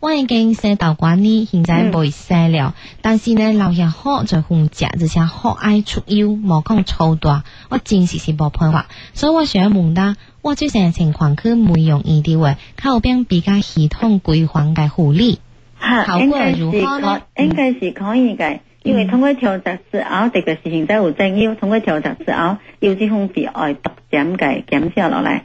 我已經生痘管呢，現在未生了，嗯，但是呢，留下好就紅着，而且好愛出油，毛孔粗大。我暫時是冇辦法，所以我想問啦，我最近情況去美容院嘅話，靠邊比較系統規範嘅護理，效果如何應該，啊是，嗯，是可以的，因為通過調集之後，這個事情真係好重要。通過調集，哦，之後，油脂分泌，會逐漸嘅減少落來。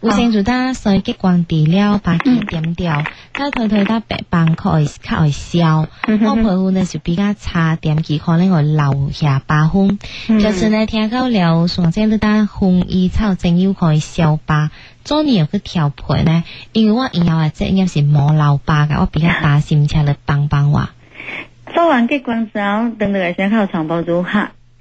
衛生 做得，所以激光治療把痣點掉，再退退得白斑佢消，我皮膚呢就比較差點，點去塊呢會留下疤痕， 就是呢聽講了、這個，上正呢單薰衣草精油可以消疤，專業去調配呢，因為我以後即係有是冇留疤噶，我比較擔心嚟幫幫我，做完激光之後，等你嚟傷口全部愈合。